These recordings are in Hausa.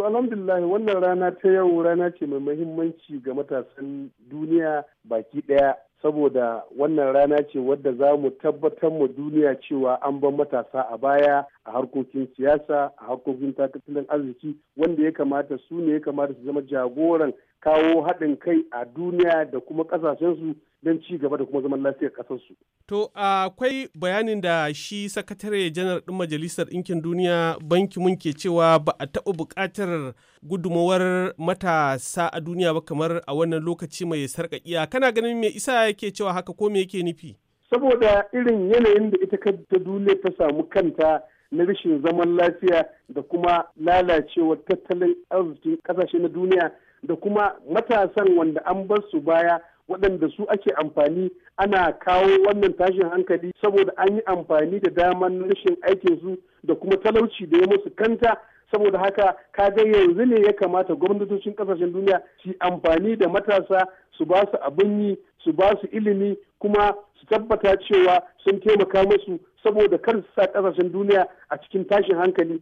To alhamdulillah wannan rana ta yau rana ce mai muhimmanci ga matasan duniya baki ɗaya saboda wannan rana ce wadda za mu tabbatar mu duniya cewa an ban matasa a baya a harkokin siyasa a harkokin tattalin arziki wanda ya kamata su ne ya kamata su zama jagoran kawo haɗin kai a duniya da kuma ƙasashensu don ci gaba da kuma zaman lafiyar ƙasarsu. To akwai bayanin da shi sakatare janar ɗin majalisar ɗinkin duniya banki mun ke cewa ba a taɓa buƙatar gudumawar matasa a duniya ba kamar a wannan lokaci mai sarƙaƙiya. Kana ganin me isa yake cewa haka ko me yake nufi? Saboda irin yanayin da ita ta duniya ta samu kanta na rashin zaman lafiya da kuma lalacewar tattalin arzikin kasashe na duniya da kuma matasan wanda an bar su baya waɗanda su ake amfani ana kawo wannan tashin hankali saboda an yi amfani da daman rashin aikin su da kuma talauci da ya musu kanta saboda haka ka kaga yanzu ne ya kamata gwamnatocin kasashen duniya su amfani da matasa su ba su abin yi su ba su ilimi kuma su tabbata cewa sun taimaka musu saboda kar su sa kasashen duniya a cikin tashin hankali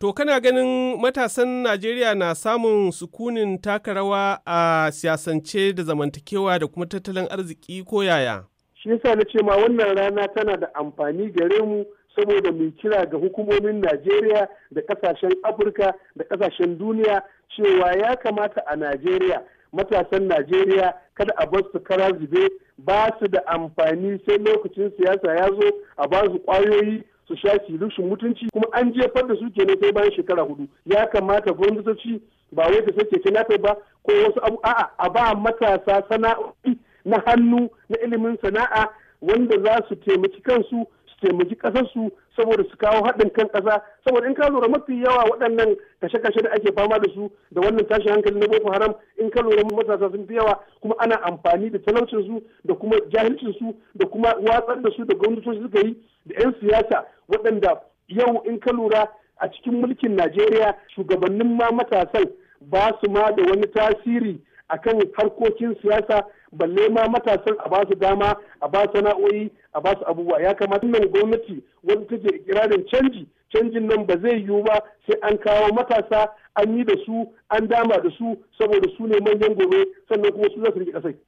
To kana ganin matasan Najeriya na samun sukunin taka rawa a siyasance da zamantakewa da kuma tattalin arziki ko yaya? Shi yasa na ce ma wannan rana tana da amfani gare mu saboda mu kira ga hukumomin Najeriya da kasashen Afirka da kasashen duniya cewa ya kamata a Najeriya matasan Najeriya kada a bar su kara zube ba su da amfani sai lokacin siyasa ya zo a ba su kwayoyi su sha kilushin mutunci kuma an jefar da su kenan sai bayan shekara hudu ya kamata gwamnatoci ba wai ta sake kinafe ba ko wasu abu a'a a ba matasa sana'o'i na hannu na ilimin sana'a wanda za su taimaki kansu su taimaki ƙasarsu saboda su kawo haɗin kan ƙasa saboda in ka lura mafi yawa waɗannan kashe-kashe da ake fama da su da wannan tashin hankali na boko haram in ka lura matasa sun fi yawa kuma ana amfani da talaucin su da kuma jahilcin su da kuma watsar da su da gwamnatoci suka yi da 'yan siyasa waɗanda yau in ka lura a cikin mulkin najeriya shugabannin ma matasan ba su ma da wani tasiri a kan harkokin siyasa balle ma matasan a ba su dama a ba sana'o'i a ba su abubuwa ya kamata nan gwamnati wani ta take ikirarin canji canjin nan ba zai yiwu ba sai an kawo matasa an yi da su an dama da su saboda su ne manyan gobe sannan kuma su za su rike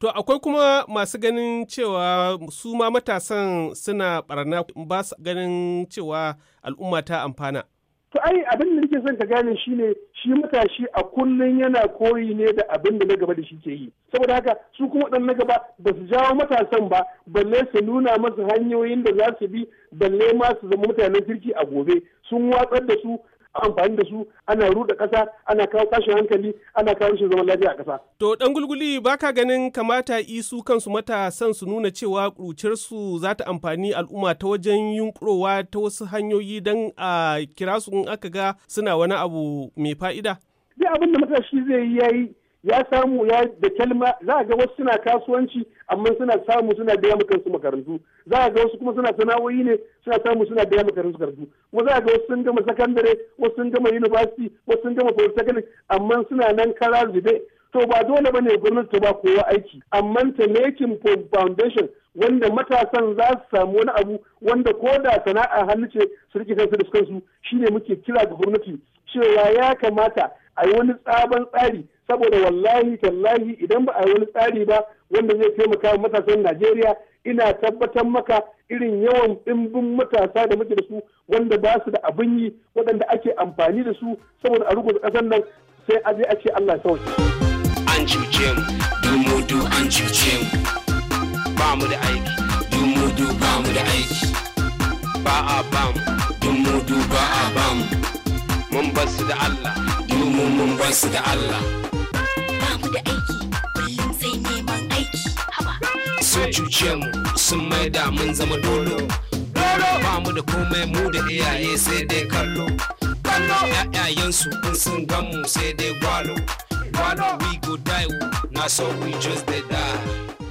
To akwai kuma masu ganin cewa su ma matasan suna barna ba su ganin cewa al'umma ta amfana. To ai abin da nake son ka gane shi ne shi matashi a kullum yana koyi ne da abin da na gaba da shi ke yi. Saboda haka su kuma ɗan na gaba ba su jawo matasan ba balle su nuna masu hanyoyin da za su bi balle ma su zama mutanen kirki a gobe sun watsar da su amfani da su ana ruɗa ƙasa ana kawo tashin hankali ana kawo rashin zaman lafiya a ƙasa. To ɗan gulguli baka ganin kamata isu kansu matasan su nuna cewa su za ta amfani al'umma ta wajen yunƙurowa ta wasu hanyoyi don a kira su in aka ga suna wani abu mai fa'ida. Dai abin da matashi zai yi yayi ya samu ya da kalma za ga wasu suna kasuwanci amma suna samu suna biya mu kansu makarantu za ga wasu kuma suna sana'o'i ne suna samu suna biya mu kansu makarantu kuma za ga wasu sun gama sakandare wasu sun gama university wasu sun gama polytechnic amma suna nan kara zube to ba dole bane gwamnati ta ba kowa aiki amma ta making foundation wanda matasan za su samu wani abu wanda ko da sana'a hannu ce su rike kansu da kansu shine muke kira ga gwamnati cewa ya kamata a yi wani tsaban tsari saboda wallahi tallahi idan ba a yi wani tsari ba wanda zai taimaka wa matasan Najeriya ina tabbatar maka irin yawan ɗimbin matasa da muke da su wanda ba su da abin yi waɗanda ake amfani da su saboda a ruguza ƙasar nan sai a je a ce Allah sauki. An cuce mu, du an cuce mu, ba mu da aiki, du ba mu da aiki, ba a ba mu, du ba a ba mu, mun su da Allah, dumu mun ba su da Allah. sun cuce mu sun maida mun zama dolo dolo ba mu da komai mu da iyaye sai dai kallo kallo su in sun gan mu sai dai gwalo gwalo we go die na so we just dey die